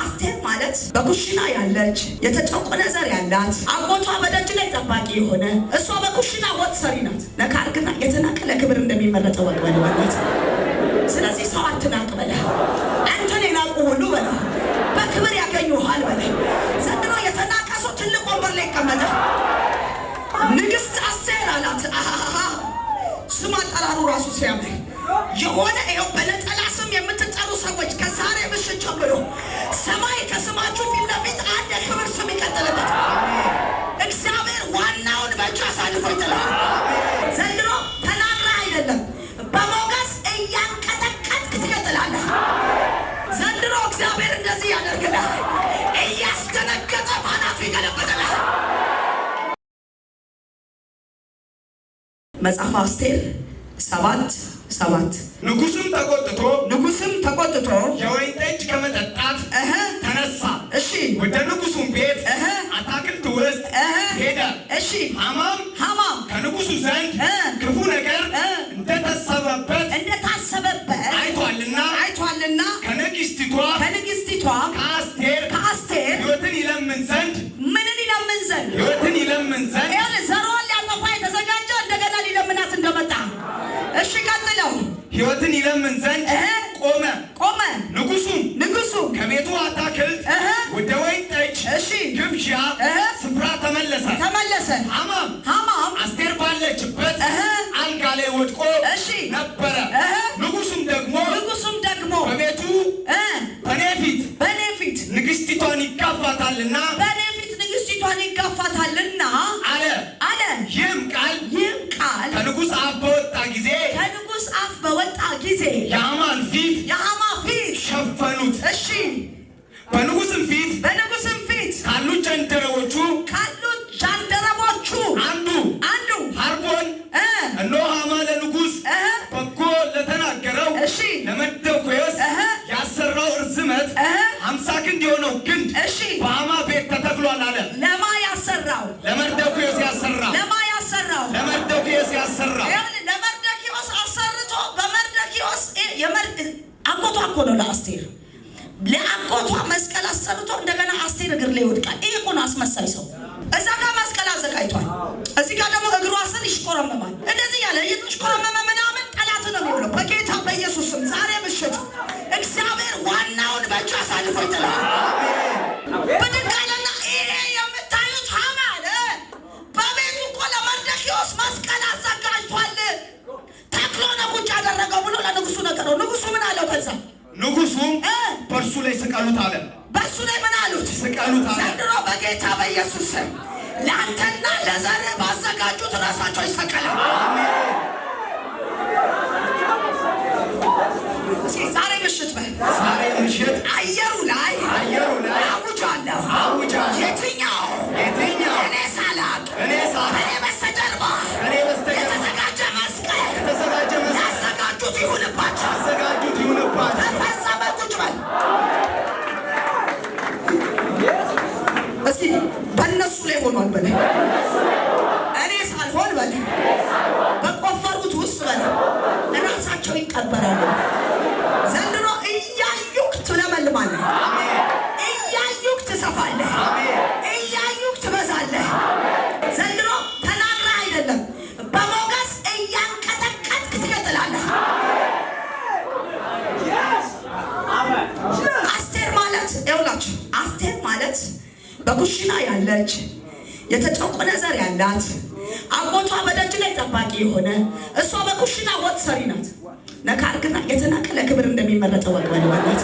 አስቴር ማለት በኩሽና ያለች የተጨቆነ ዘር ያላት አጎቷ በደጅ ላይ ጠባቂ የሆነ እሷ በኩሽና ወጥ ሰሪ ናት። ግና የተናቀ ለክብር እንደሚመረጠ ወቅ በል ማለት ስለዚህ ሰው አትናቅ በለ አንተን የናቁ ሁሉ በለ በክብር ያገኙሃል በለ ዘንድሮ የተናቀ ሰው ትልቅ ወንበር ላይ ይቀመጣል። ንግስት አስቴር አላት። ስም አጠራሩ ራሱ ሲያምር የሆነ ይኸው በለጠ ሰማይ ከስማችሁ ፊት ለፊት አንድ ክብር ስም ይቀጥልበት። እግዚአብሔር ዋናውን በእጁ አሳልፎ ይጥላል። ዘንድሮ ተናግረህ አይደለም፣ በሞገስ እያንቀጠቀጥክ ትቀጥላለህ። ዘንድሮ እግዚአብሔር እንደዚህ እያስደነገጠ ባናቱ አስቴር ሰባት ሰባት ንጉስም ተቆጥቶ ንጉስም ተቆጥቶ የወይን ጠጅ ከመጠጣት እህ ተነሳ። እሺ ወደ ንጉሱም ቤት እህ አታክልት ውስጥ እህ ሄደ። እሺ ሐማም ሐማም ከንጉሱ ዘንድ ክፉ ነገር እንደታሰበበት እንደታሰበበት አይቷልና አይቷልና ከንግሥቲቷ ከንግሥቲቷ ይለምን ዘንድ ቆመ ቆመ። ንጉሱ ንጉሱ ከቤቱ አታክልት ወደ ወይን ጠጅ ግብዣ ስፍራ ተመለሰ ተመለሰ። ሀማም ሀማም አስቴር ባለችበት አልጋ ላይ ወድቆ ነበረ። ንጉሱም ደግሞ ንጉሱም ደግሞ በቤቱ በኔ ፊት በኔ ፊት ንግስቲቷን ይጋፋታልና በኔ ፊት ንግስቲቷን ይጋፋታልና አለ አለ። ይህም ቃል ይህም ቃል ከንጉስ አፍ በወጣ ጊዜ አፍ በወጣ ጊዜ የሐማን ፊት የሐማ ፊት ሸፈኑት። እሺ በንጉሥም ፊት በንጉሥም ፊት ካሉት ጃንደረቦቹ ነው ለአስቴር። ለአጎቷ መስቀል አሰርቶ እንደገና አስቴር እግር ላይ ይወድቃል። ይሄ እኮ ነው አስመሳይ ሰው። እዛ ጋር መስቀል አዘጋጅቷል፣ እዚህ ጋር ደግሞ እግሯ ስር ይሽቆረመማል። እንደዚህ ያለ እየተሽቆረመመ ምናምን ጠላት ነው የሚሆነው። በጌታ በኢየሱስም ዛሬ ምሽት እግዚአብሔር ዋናውን በእጁ አሳልፎ ይጥላል። ስቀሉት አለ። በእሱ ላይ ምን አሉት? ስቀሉት አለ። ዘንድሮ በጌታ በኢየሱስ ስም ለአንተና ለዘር ባዘጋጁት ራሳቸው ይሰቀላል። ዛሬ ምሽት በ ዛሬ ምሽት አየ ይከበራሉ። ዘንድሮ እያዩክ ትለመልማለህ፣ እያዩክ ትሰፋለህ፣ እያዩክ ትበዛለህ። ዘንድሮ ተናግረህ አይደለም በሞገስ እያንቀጠቀጥክ ትቀጥላለህ። አስቴር ማለት ይኸውላችሁ፣ አስቴር ማለት በኩሽና ያለች የተጨቆነ ዘር ያላት አጎቷ በደጅ ላይ ጠባቂ የሆነ እሷ በኩሽና ወጥ ሰሪ ናት። ነካርክና የተናቀ ለክብር እንደሚመረጠው ወቅበል ማለት።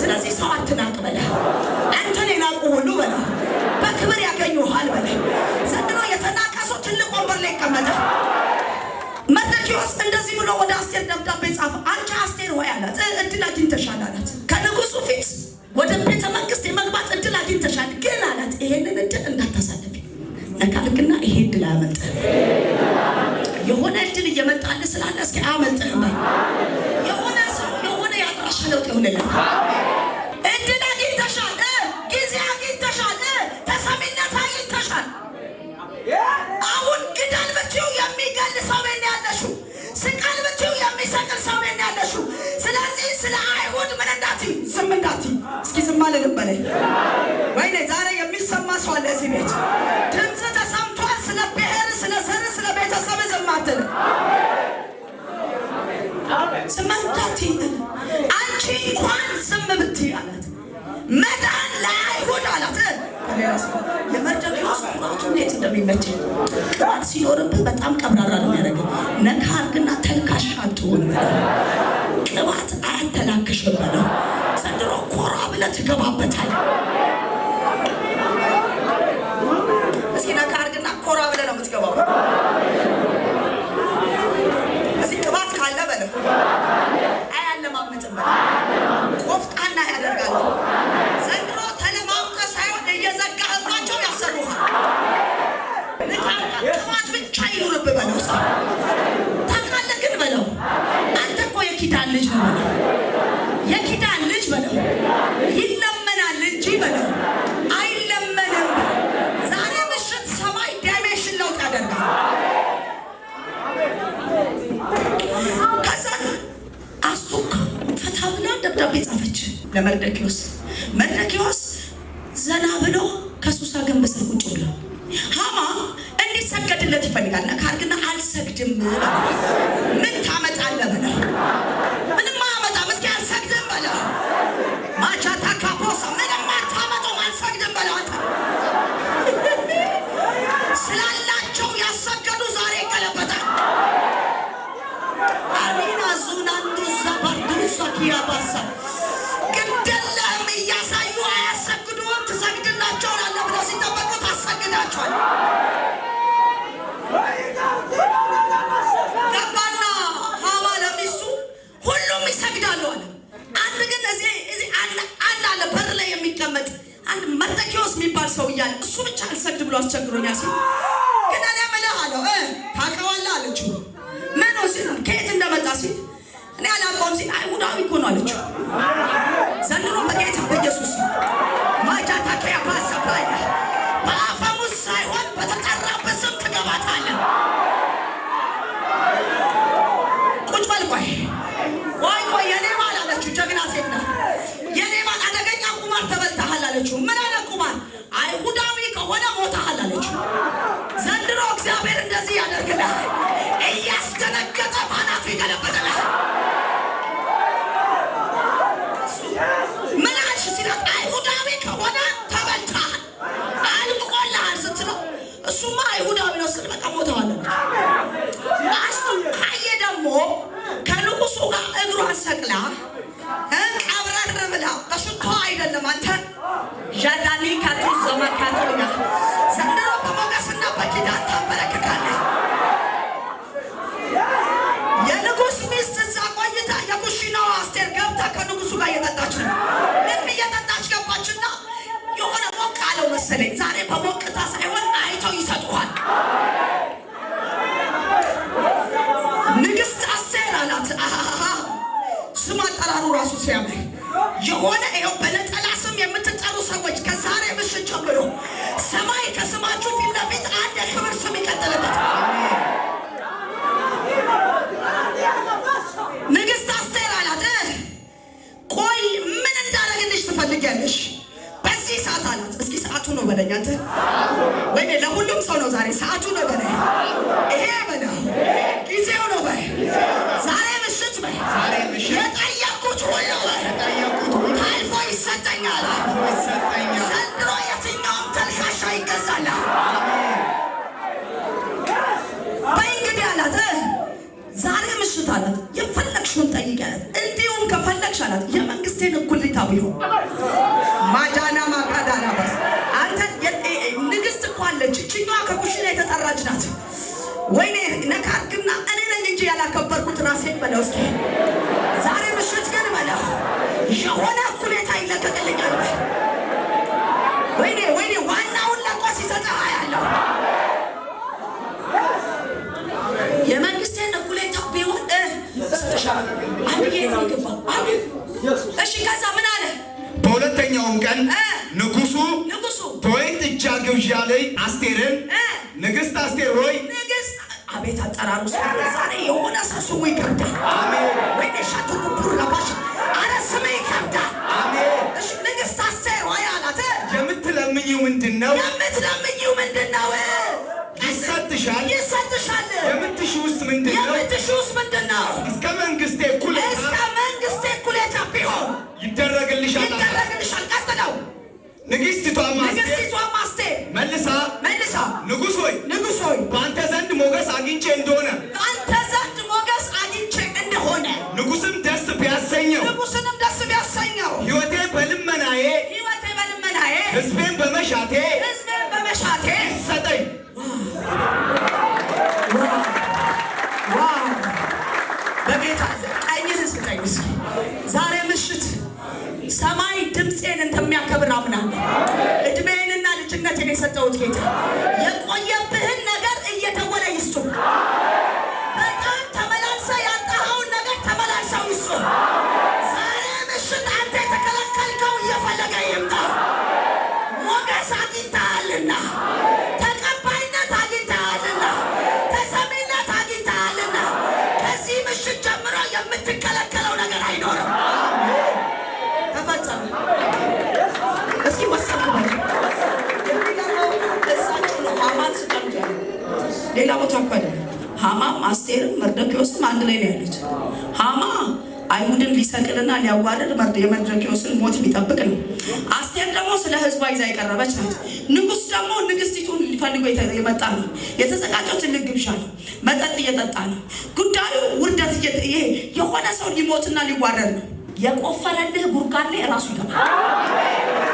ስለዚህ ሰው አትናቅ በለ፣ አንተን የናቁ ሁሉ በለ በክብር ያገኙሃል በለ። ዘንድሮ የተናቀ ሰው ትልቅ ወንበር ላይ ይቀመጣል። መርዶክዮስ እንደዚህ ብሎ ወደ አስቴር ደብዳቤ ጻፈ። አንቺ አስቴር ሆይ አላት፣ እድል አግኝተሻል አላት። ከንጉሱ ፊት ወደ ቤተ መንግስት ሰው ነኝ ያለሹ። ስለዚህ ስለ አይሁድ ምን እንዳት ዝም እንዳት እስኪ ዝም አልልም ወይኔ ዛሬ የሚሰማ ሰው አለ እዚህ ቤት ድምፅ ተሰምቷል። ስለ ብሔር፣ ስለ ዘር፣ ስለ ቤተሰብ ዝም አትል። ዝም እንዳት አንቺ እንኳን ዝም ብትይ አላት የራስ የመርጨቅ ራሱ እንዴት እንደሚመቸኝ ቅባት ሲኖርብህ በጣም ቀብራራ ነው የሚያደርገው። ነካ አድርግና ተልካሽ አትሆን ቅባት አያተላክሽም ነው ዘንድሮ ኮራ ብለህ ትገባበታል። እስኪ ነካ አድርግና ኮራ ብለህ ነው የምትገባው። እስኪ ቅባት ካለ በለው አያለማምጥም፣ ቆፍጣና ያደርጋል። ልጅ ነው በለው፣ የኪዳን ልጅ በለው፣ ይለመናል እንጂ በለው፣ አይለመንም። ዛሬ ምሽት ሰማይ ዳይሜንሽን ለውጥ ያደርጋል። ከዛ አስቱካ ፈታ ብላ ደብዳቤ ጻፈች ለመርደኪዎስ። መርደኪዎስ ዘና ብሎ ከሱሳ ግንብ ስር ቁጭ ብሎ ሀማ እንዲሰገድለት ይፈልጋል። ነካ አድርግና አልሰግድም ያባሳ ግድልህም እያሳዩ አያሰግዱም። ትሰግድላቸዋለህ ብለው ሲጠበቁ ታሰግዳቸዋል። ገባና ሐዋ ለሚስቱ ሁሉም ይሰግዳሉ አለ። አንድ ግን አንድ አለ በር ላይ የሚቀመጥ አንድ መርጠኪዎስ የሚባል ሰው እያለ እሱ ብቻ አልሰግድ ብሎ አስቸግሮኛል ሲል ያመጣውን ሲል አይሁዳዊ እኮ ነው አለችው። ዘንድሮ በጌታ በኢየሱስ ማጃታከያ ባሰባይ በአፈሙስ ሳይሆን በተጠራበት ስም ትገባታለን። ቁጭ በል ቆይ ቆይ ቆይ የኔ ባል አለችው። ጀግና ሴት ናት። የኔ ባል አደገኛ ቁማር ተበልተሃል አለችው። ምን አይነት ቁማር? አይሁዳዊ ከሆነ ሞተሃል አለችው። ዘንድሮ እግዚአብሔር እንደዚህ ያደርግልሃል። እያስደነገጠ ባናቱ ይገለበጠልሃል። እሱማ አይሁዳዊ ነው ስል በቃ ማስቱ ካየ ደግሞ ከንጉሱ ጋር እግሯን ሰቅላ ቀብረር ብላ በሽቶ አይደለም አንተ ዣዳኒ ካቱ ዘመካቶኛ ዘንድሮ በሞገስና በኪዳን ሚስት እዛ ቆይታ አስቴር ገብታ ከንጉሱ ጋር እየጠጣች ነው። ልክ እየጠጣች ገባችና የሆነ ሞቅ አለው መሰለኝ ዛሬ በሞቅ ንግሥት አሴር አላት። ስም አጠራሩ ራሱ ሲያምር የሆነ ይሁን። ማዳና ማካዳና ባስ አንተ ንግስት እኮ አለች። እችኛዋ ከኩሽና የተጠራች ናት። ወይኔ ነካርግና እኔ ነኝ እንጂ ያላከበርኩት ራሴን በለው እስኪ ወይ አቤት አጠራሩ ዛሬ የሆነ ሰው ስሙ ይከብዳል። ወይ ሻቱ ኩኩር ለባሽ አረ ስሜ ይከብዳል። እሺ ንግስት አስቴር ወይ አላት የምትለምኝው ምንድን ነው? የምትለምኝው ምንድን ነው? ይሰጥሻል ይሰጥሻል። የምትሽውስ ምንድን ነው? የምትሽውስ ምንድን ነው? እስከ መንግስቴ እኩሌታ እስከ መንግስቴ እኩሌታ ቢሆን ይደረግልሻል ይደረግልሻል። ቀጥለው ንግሥቲቷም አስቴር መልሳ መልሳ ንጉሥ ሆይ ንጉሥ ሆይ በአንተ ዘንድ ሞገስ አግኝቼ እንደሆነ በአንተ ዘንድ ሞገስ አግኝቼ እንደሆነ ንጉስም ደስ ቢያሰኘው ንጉሥንም ደስ ቢያሰኘው ህይወቴ በልመናዬ ሕይወቴ በልመናዬ ሕዝቤን በመሻቴ ሕዝቤን በመሻቴ ይሰጠኝ ቀኝስ ቀኝስ ዛሬ ምሽት ሰማይ ድምፄን እንደሚያከብር አምናለሁ። እድሜንና ልጅነትን የሰጠሁት ጌታ የቆየብህን ነገር እየደወለ ይስጡ። ሐማም አስቴርም መርዶኪዎስም አንድ ላይ ነው ያሉት። ሐማ አይሁድን ሊሰቅልና ሊያዋርድ የመርዶኪዎስን ሞት ሊጠብቅ ነው። አስቴር ደግሞ ስለ ህዝቧ ይዛ የቀረበች ናት። ንጉስ ደግሞ ንግስቲቱን ሊፈልጎ የመጣ ነው። የተዘጋጀው ትልቅ ግብዣ ነው። መጠጥ እየጠጣ ነው። ጉዳዩ ውርደት፣ ይሄ የሆነ ሰው ሊሞትና ሊዋረድ ነው። የቆፈረልህ ጉድጓድ ላይ ራሱ ይገባል።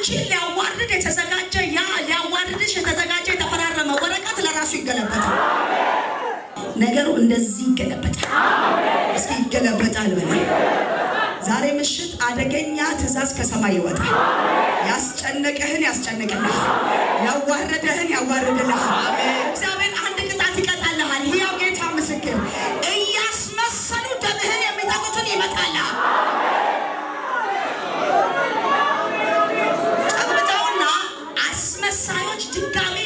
አንቺን ሊያዋርድ የተዘጋጀ ያ ሊያዋርድሽ የተዘጋጀ የተፈራረመ ወረቀት ለራሱ ይገለበታል። ነገሩ እንደዚህ ይገለበታል። እስኪ ይገለበጣል በ ዛሬ ምሽት አደገኛ ትእዛዝ ከሰማይ ይወጣል። ያስጨነቀህን ያስጨንቅልህ፣ ያዋረደህን ያዋርድልህ። እግዚአብሔር አንድ ቅጣት ይቀጣልሃል። ሕያው ጌታ ምስክር እያስመሰሉ ደምህን የሚጠቁትን ይመጣልሃል። saiu de casa.